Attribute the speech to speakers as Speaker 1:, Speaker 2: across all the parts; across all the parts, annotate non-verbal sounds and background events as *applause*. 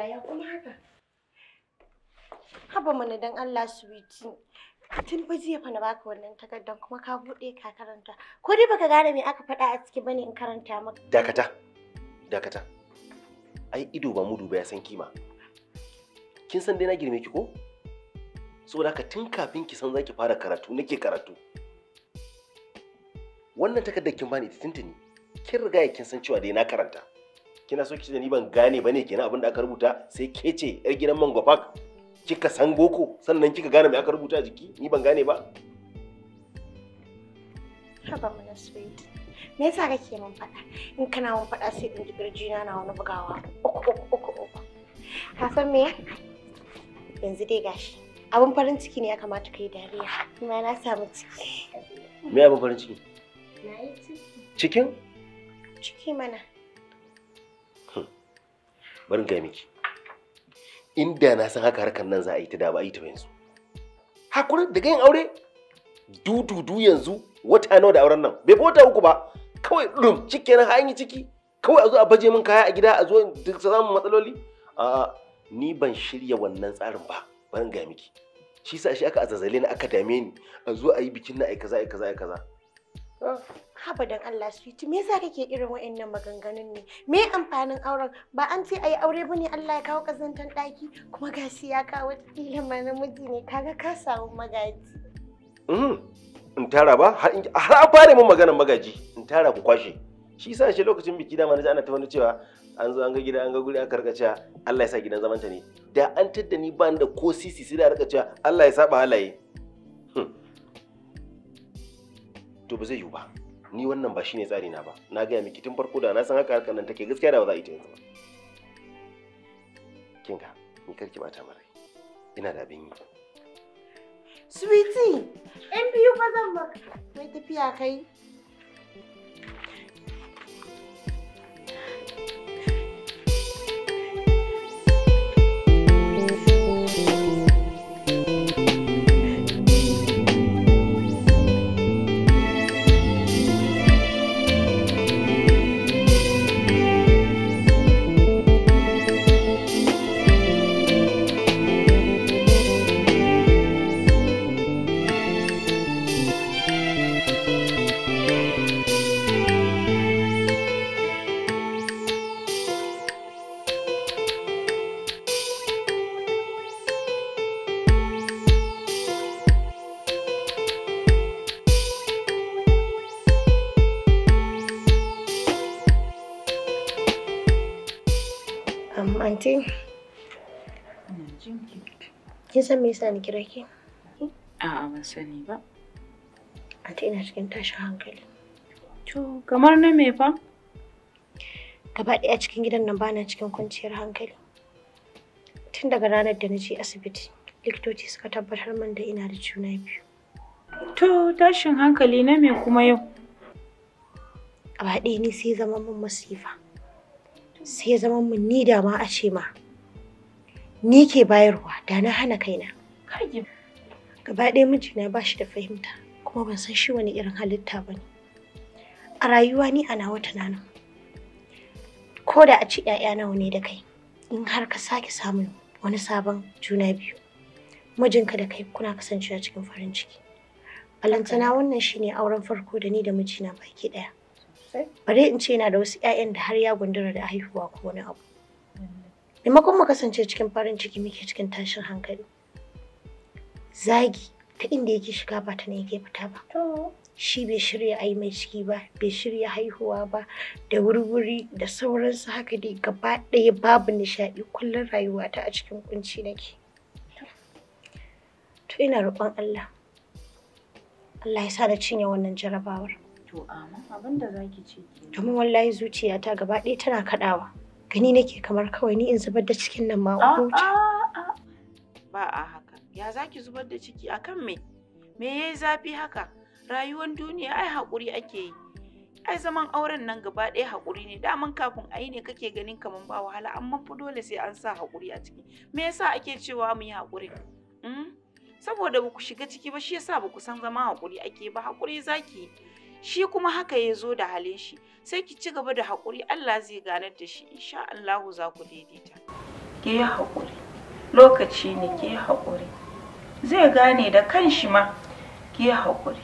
Speaker 1: Allah ya kuma haka. Haba mana dan Allah suwiti. Tun fa jiya fa na baka wannan takardar kuma ka buɗe ka karanta. Ko dai baka gane me aka faɗa a ciki bane in karanta maka.
Speaker 2: Dakata. Dakata. Ai ido ba mudu ba ya san kima. Kin san dai na girme ki ko? Saboda ka tun kafin ki san zaki fara karatu nake karatu. Wannan takardar kin bani ita tuntuni. Kin riga kin san cewa dai na karanta. kina so kice da ni ban gane ba ne kenan abin da aka rubuta sai ke ce yar gidan mango park kika san goko sannan kika gane me aka rubuta a jiki ni ban gane ba
Speaker 1: haba mana sweet me yasa kake mun faɗa in kana mun faɗa sai in ji birjina na wani bugawa uku uku uku ka san me yanzu dai gashi abin farin ciki ne ya kamata kai dariya kuma na samu ciki
Speaker 2: me abin farin ciki na yi ciki cikin
Speaker 1: ciki mana
Speaker 2: bari ga miki inda na san haka harkar nan za a yi ta da ba yi ta yanzu hakuri daga yin aure dududu yanzu wata nawa da auren nan bai bota uku ba kawai dum cikin ha yi ciki kawai a zo a baje min kaya a gida a zo duk samun matsaloli a ni ban shirya wannan tsarin ba bari ga miki shi sa shi aka azazale ni aka dame ni a zo a yi bikin na ai kaza ai kaza ai kaza
Speaker 1: haba dan Allah sweet me yasa kake irin wa'annan maganganun ne me amfanin auren ba an ce ayi aure bane Allah ya kawo kazantan daki kuma shi ya kawo kila ma namiji ne kaga ka samu magaji
Speaker 2: mm, in tara ba har an fara mun maganar magaji in tara ku kwashe shi sa shi lokacin biki da manaja ana ta wani cewa an zo an ga gida an ga guri an karkace Allah ya sa gidan zamanta ne da an tadda ni ba ni da ko sisi sai da rika cewa Allah ya saba halaye to ba zai yiwu ba ni wannan ba shine tsari na ba na gaya miki tun farko da na san haka harkar nan take gaskiya da ba za a yi ta yanzu ba Kinga ni karki bata mara ina da abin yi
Speaker 1: sweetie in biyu fa zan maka mai tafiya kai Anti. Kin san me yasa ni kira ki? A'a ban sani ba. ina cikin tashin hankali. To kamar na me fa? Gaba ɗaya cikin gidan nan bana cikin kwanciyar hankali. Tun daga ranar da na je asibiti, likitoci suka tabbatar min da ina da juna biyu. To tashin hankali na me kuma yau? Gaba ɗaya ni sai zama min masifa. sai ya zama mun ni da ma a ce ma ni ke bayarwa da na hana kaina gaba ɗaya mijina ba shi da fahimta kuma ban san shi wani irin halitta ba ne a rayuwa ni ana wata nana ko da a ci ‘ya'ya nawa ne da kai in har ka sake samun wani sabon juna biyu mijinka da kai kuna kasancewa cikin farin ciki alantana wannan shine auren farko da ni da mijina baki ɗaya Bari in ce yana da wasu 'ya'yan da har ya gundura da haihuwa ko wani abu. Maimakon mu kasance cikin farin ciki muke cikin tashin hankali. Zagi ta inda yake shiga ba ta nan yake fita ba. Shi bai shirya ai mai ciki ba, bai shirya haihuwa ba, da wurwuri da sauransu haka dai gaba ɗaya babu nishaɗi kullum ta a cikin kunci nake. To ina roƙon Allah. Allah ya sa da cinye wannan jarabawar. To amma ah, abin da zaki ce Domin wallahi zuciyata gaba ɗaya tana kaɗawa. Gani nake kamar kawai ni in zubar da cikin nan ma ah, ah, Ba a haka. Ya zaki zubar da ciki akan me? Me yayi zafi haka? Rayuwar duniya ai haƙuri ake yi. ai zaman auren nan gaba ɗaya haƙuri ne daman kafin ai ne kake ganin kamar ba wahala amma fa dole sai an sa haƙuri a ciki me yasa ake cewa mu yi haƙuri hmm? saboda ba ku shiga ciki ba shi yasa ba ku san zama haƙuri ake ba haƙuri zaki shi kuma haka ya zo da halin shi sai ki ci gaba da haƙuri Allah zai ganar da shi insha Allahu za ku daidaita ki yi haƙuri lokaci ne ki yi haƙuri zai gane da kanshi ma ki yi haƙuri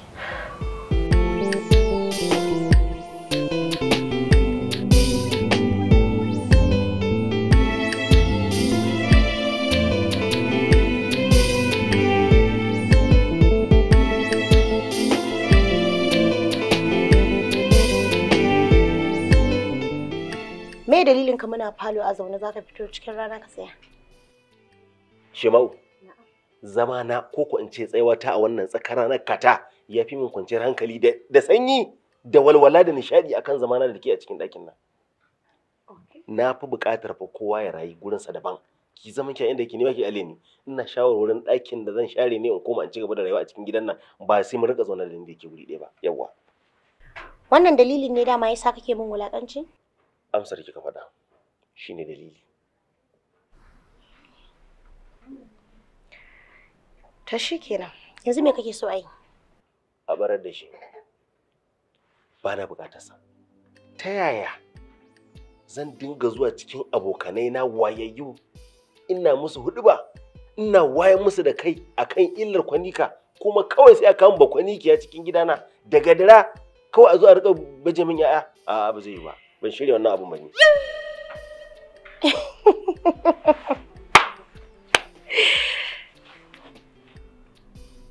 Speaker 1: falo a zaune ka fito cikin rana ka tsaya
Speaker 2: zama na ko in ce tsayawata a wannan tsakar na kata ya fi min kwanciyar hankali da sanyi da walwala da nishadi akan zamana da ke a cikin ɗakin nan na fi buƙatar fa kowa ya rayu gurinsa daban ki zama ki inda ki baki ki ne, ina shawarwarin ɗakin da zan share ne in koma in ci gaba da rayuwa a cikin gidan nan ba sai mun rika zaune da inda yake wuri ɗaya ba yawwa
Speaker 1: wannan dalilin ne dama yasa kake min wulakanci
Speaker 2: amsar ka faɗa Shi ne dalili
Speaker 1: ta shi kenan yanzu me kake so a
Speaker 2: a barar da shi ba na bukatarsa ta yaya zan dinga zuwa cikin abokanai na wayayyu ina musu hudu ba ina wayan musu da kai akan illar kwanika kuma kawai sai aka ba kwanikiya cikin gidana daga dara kawai a zo a rika baje min ya'ya a ba zai yi ba ban shirya wannan abun ba ne *laughs*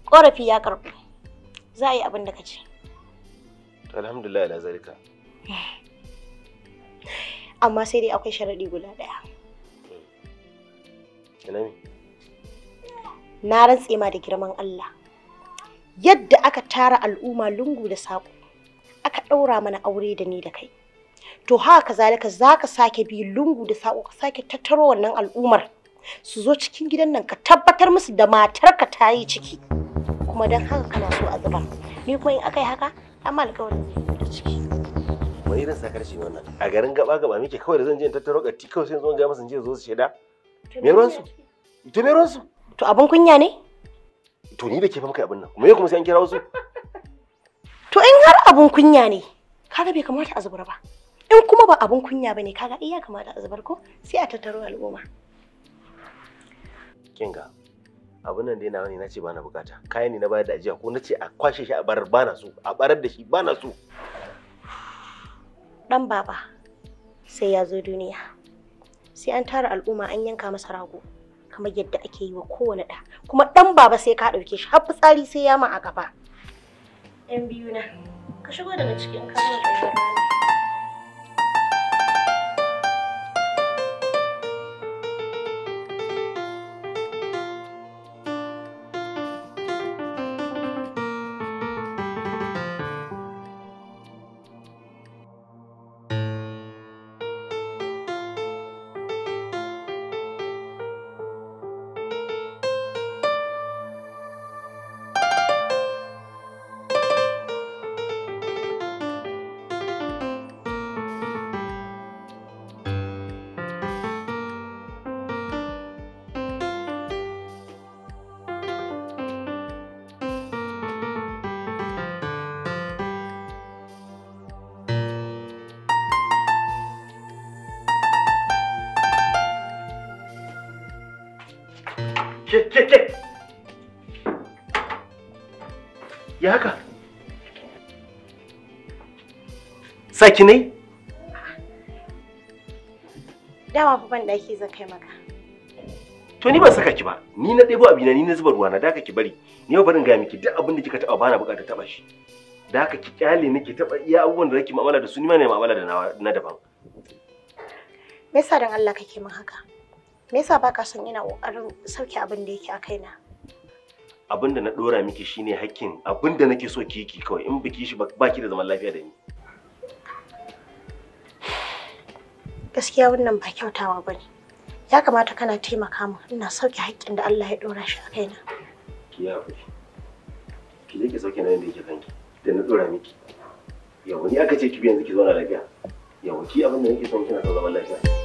Speaker 1: Ƙorafi ya karɓi Za a yi abin da ka ce.
Speaker 2: Alhamdulillah ala zarika
Speaker 1: Amma sai dai akwai sharaɗi guda ɗaya. Na rantse ma da girman Allah. Yadda aka tara al'umma lungu da saƙo, aka ɗaura mana aure da ni da kai. to haka zalika zaka sake bi lungu da sako ka sake tattaro wannan al'umar su zo cikin gidan nan ka tabbatar musu da matarka ta yi ciki kuma don haka kana so a zuba ni kuma in aka yi haka amma alƙawarin ne da ciki
Speaker 2: wani irin sakar shi wannan a garin gaba gaba muke kawai da zan je in tattaro ti kawai sai zo ga musu je zo su shaida me ruwan su to me ruwan su to abin kunya ne to ni da ke fa muka abin nan kuma yau kuma sai an kira wasu
Speaker 1: *laughs* to in har abin kunya ne kaga bai kamata a zubura ba in kuma ba abun kunya bane kaga iya eh kamata a zubar ko sai a tattaro al'umma
Speaker 2: kinga abun nan dai nawa ne nace bana bukata kayan ne na bayar da ajiya ko nace a kwashe shi a barar bana so a barar da shi bana so
Speaker 1: dan baba sai ya zo duniya sai an tara al'umma an yanka masa rago kamar yadda ake yi wa kowane da kuma dan baba sai ka dauke shi har fitsari sai ya ma a gaba yan biyu na ka shigo daga cikin kamar
Speaker 2: ya haka saki ne
Speaker 1: dama fa ban daki zan kai maka
Speaker 2: to ni ban saka ki ba ni na ɗebo abina ni na zuba ruwa na daka ki bari ni ba barin ga miki duk abin da kika taba bana buƙata taba shi da haka ki kyale ni ki taba iya abubuwan da zaki mu'amala da su ni ma ne mu'amala da na daban
Speaker 1: me yasa dan Allah kake min haka me yasa baka son ina kokarin sauke abin da yake a kaina
Speaker 2: abin da na dora miki shine hakkin abin da nake so ki ki kawai in biki shi ba ki da zaman lafiya da ni
Speaker 1: gaskiya wannan ba kyautawa bane ya kamata kana taimaka mu ina sauke hakkin da Allah ya dora shi a kaina
Speaker 2: ki ya kuɗi ki ne ki sauke nan da yake kanki da na dora miki yawa ni aka ce ki bi yanzu ki zauna lafiya yawa ki abin da nake son kina son zaman lafiya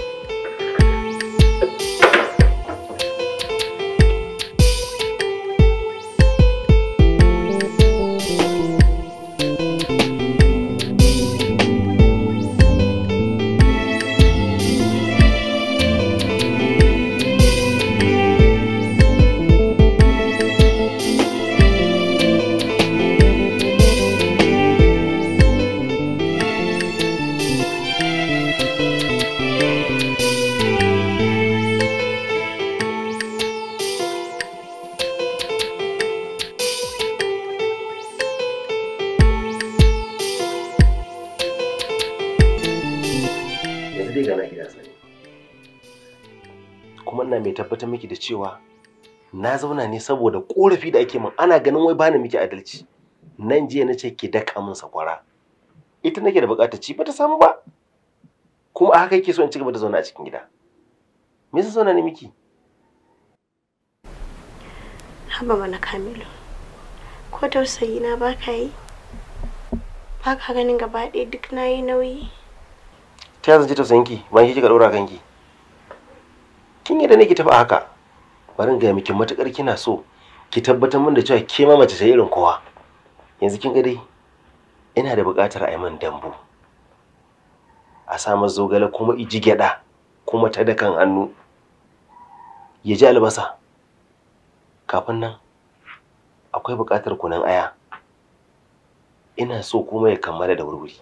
Speaker 2: tabbatar miki da cewa na zauna ne saboda korafi da ake min ana ganin wai bani miki adalci nan jiya na ce ki daka min sakwara ita nake da bukata ci ba ta samu ba kuma a haka yake so in ci gaba da zauna a cikin gida me yasa zauna ne miki
Speaker 1: haba mana kamilu ko tausayi na baka yi baka ganin gaba ɗaya duk na yi nauyi
Speaker 2: ta yanzu ji ki, ban ki kika ɗora kanki kin yadda nake taba haka bari ga miki matukar kina so ki tabbatar min da cewa ke ma mace ce irin kowa yanzu kin ga dai ina da buƙatar a yi min dambu a sa zogale kuma iji gyada kuma ta da kan hannu ya ji albasa kafin nan akwai buƙatar kunan aya ina so kuma ya kammala da wurwuri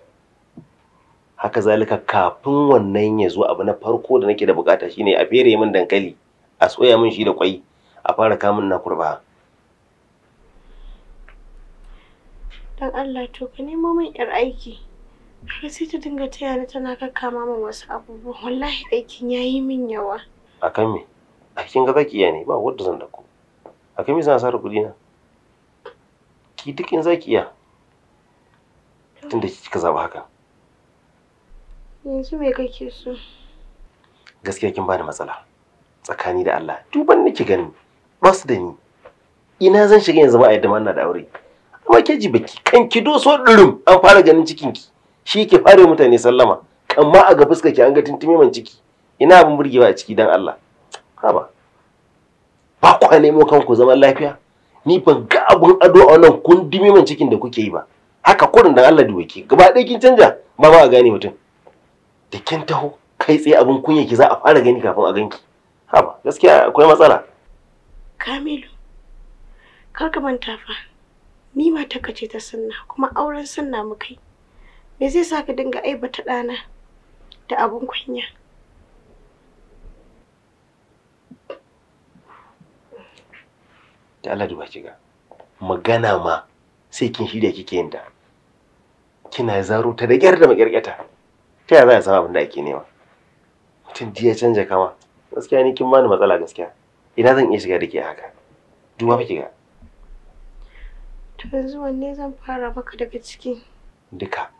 Speaker 2: haka zalika kafin wannan ya zo abu na farko da nake da bukata shine a fere min dankali a soya min shi da kwai a fara kamun na kurba
Speaker 1: dan Allah to ka nemo min yar aiki har sai ta dinga taya ni tana kakkama min wasu abubuwa wallahi aikin yayi min yawa
Speaker 2: akan me kin ga zaki iya ne ba wanda zan dako akan me zan sarrafa kudi na ki duk in zaki iya tunda kika zaba haka
Speaker 1: Yanzu me kake
Speaker 2: so? Gaskiya kin bani matsala. Tsakani da Allah, duban nake gani. Ba su da ni. Ina zan shiga yanzu ba a yadda na da aure. Amma ke ji baki kan ki doso durum an fara ganin cikin ki. Shi ke fara mutane sallama. Amma a ga fuskar ki an ga tuntume man ciki. Ina abin burgewa a ciki dan Allah. Ha Ba kwa nemo kanku zaman lafiya. Ni ban ga abun ado a wannan kun dime man cikin da kuke yi ba. Haka kurin dan Allah duwake. Gaba ɗaya kin canja ba ma a gane mutum. da kin taho kai tsaye abin kunya ki za a fara gani kafin a ganki haba gaskiya akwai matsala
Speaker 1: kamilu kar ka manta fa ni ma matarka ce ta sunna kuma auren sunna mu kai me zai sa ka dinga aiba ta ɗana da abin kunya
Speaker 2: da Allah duba ga. magana ma sai kin shirya kike yin ta kina zaro ta da kyar da makyarkyata ta yaya za a san abin da ake nema mutum ya canja kama gaskiya ni kin bani matsala gaskiya ina zan iya shiga da ke haka duba fa ga
Speaker 1: to yanzu wanne zan fara baka daga ciki duka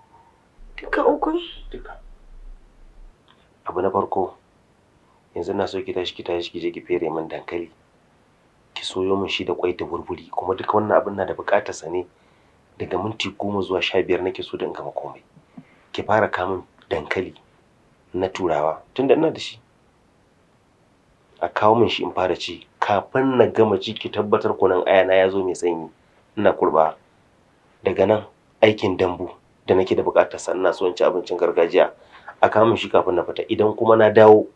Speaker 1: duka uku
Speaker 2: duka abu na farko yanzu na so ki tashi ki tashi ki je ki fere min dankali ki soyo min shi da kwai da burburi kuma duka wannan abin na da bukatar sa ne daga minti goma zuwa sha biyar nake so da in gama komai ki fara kamun dankali na turawa tun da ina da shi a kawo min shi in fara ci kafin na gama ci ki tabbatar kunun aya na ya zo mai sanyi ina kurba daga nan aikin dambu da nake da bukatar sa ina so in ci abincin gargajiya a kawo min shi kafin na fita idan kuma na dawo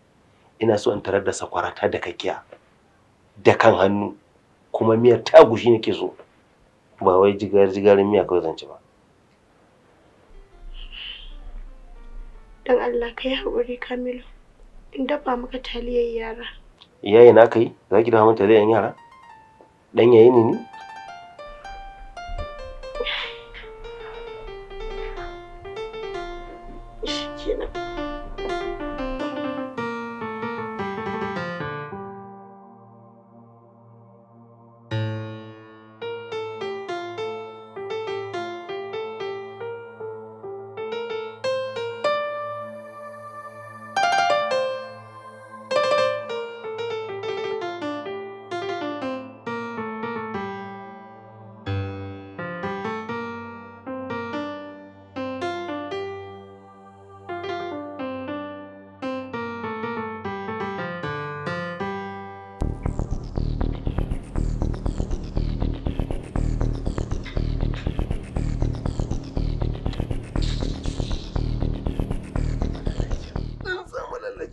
Speaker 2: ina so in tarar da sakwarata da kakiya da kan hannu kuma miyar tagushi nake so ba wai jigar jigar miya kawai zan ci ba
Speaker 1: Dan Allah ka yi haƙuri Kamilu. In dabba maka taliyar yara.
Speaker 2: Iyaye na kai, za ki dawo min taliyar yara? Dan yayi ni ni?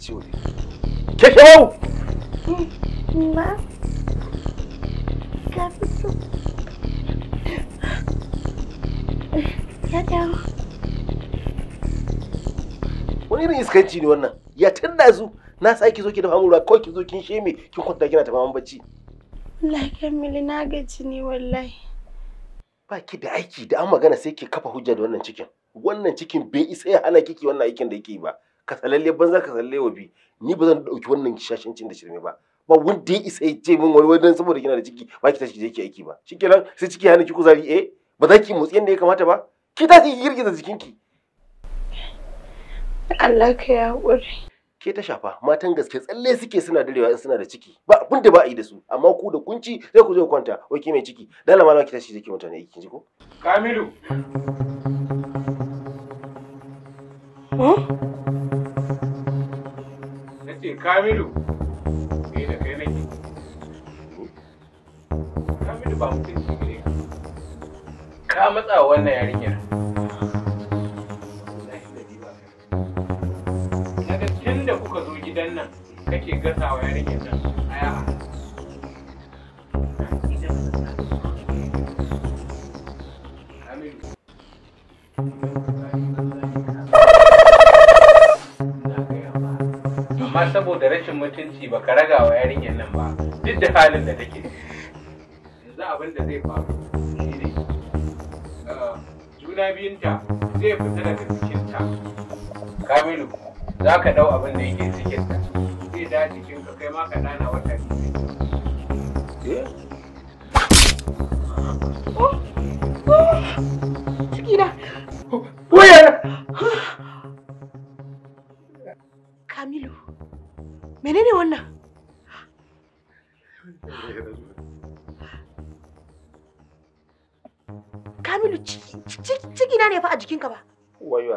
Speaker 2: ciwo ne ke ke wau ma ka fito ya dawo wani irin iskanci ne wannan ya da zu na sa ki zo ki dafa mun ruwa ko ki zo kin sheme kin kwanta kina tafa mun bacci
Speaker 1: wallahi mili na gaji ne wallahi
Speaker 2: ba ki da aiki da an magana sai ki kafa hujja da wannan cikin wannan cikin bai isa ya hana kiki wannan aikin da yake ba kasalalle banza wa bi ni ba zan dauki wannan shashancin da shirme ba ba wanda ya isa yace min wani wani saboda kina da ciki ba ki tashi ki aiki ba shikenan sai ciki hana ki kuzari eh ba za ki motsi yadda ya kamata ba ki tashi ki girgiza ki. Allah ka ya hakuri ke ta shafa matan gaske tsalle suke suna darewa in suna da ciki ba abin da ba a yi da su amma ku da kunci sai ku zo kwanta wai ke mai ciki dala ma ki tashi jiki mutane aiki. ji ko Kamilu
Speaker 1: ce kamilu sai da kai nake
Speaker 2: kamilu ba mutum shi ne ka matsa wannan yarinyar daga tun
Speaker 1: da kuka zo gidan nan kake gasawa yarinyar nan a yaha amma saboda rashin mutunci ba ka raga wa yarinyar nan ba duk da halin da take yanzu abin da zai faru shine ah, juna biyunta zai fita daga ta kamilu za ka dau abin da yake ta zai da ka kai ma ka dana wata biyu eh?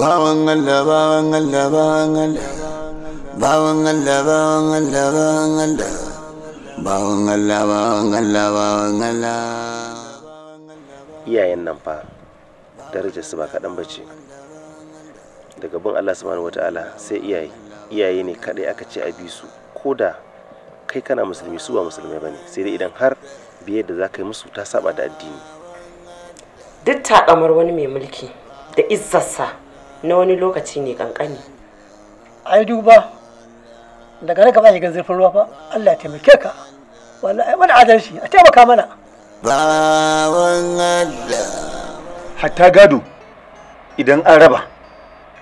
Speaker 2: ഭാവം ഭാവങ്ങല്ല ഭാവങ്ങല്ല ഭാവങ്ങല്ല ഭാവങ്ങല്ല ഭാവങ്ങല്ല ഭാവങ്ങല്ല ഭാവങ്ങല്ല ഭാവങ്ങല്ല iyayen nan fa darajarsu ba kaɗan ba ce daga bin allah subhanahu wata'ala sai iyaye iyaye ne kaɗai aka ce a bi su ko da kai kana musulmi su ba musulmai ba ne sai dai idan har biye da za ka yi musu ta saba da addini
Speaker 1: duk taƙamar wani mai mulki da izzarsa na wani lokaci ne kankani ai duba daga raka ba shiga zurfin ruwa fa Allah ya taimake ka wallahi mana adalci a taimaka mana
Speaker 2: bawan Allah hatta gado idan an raba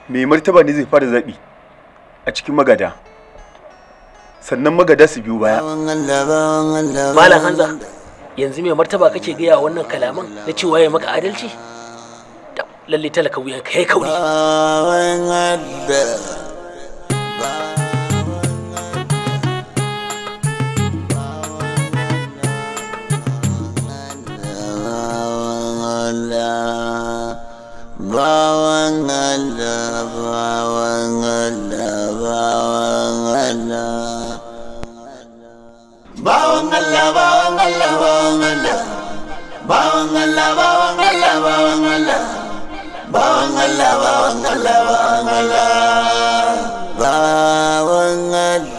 Speaker 2: mai martaba ne zai fara zabi a cikin magada sannan magada su biyu baya malam hanza yanzu mai martaba kake gaya wannan kalaman na cewa ya maka adalci lalle talaka wuyan ka yayi kauri
Speaker 1: Bawan Allah, bawan Allah, bawan
Speaker 2: Allah.
Speaker 1: Bawan Allah, bawan Allah,
Speaker 2: bawan Allah. Bawan Allah, bawan Allah, bawan Allah. bawan Allah bawan Allah Allah Allah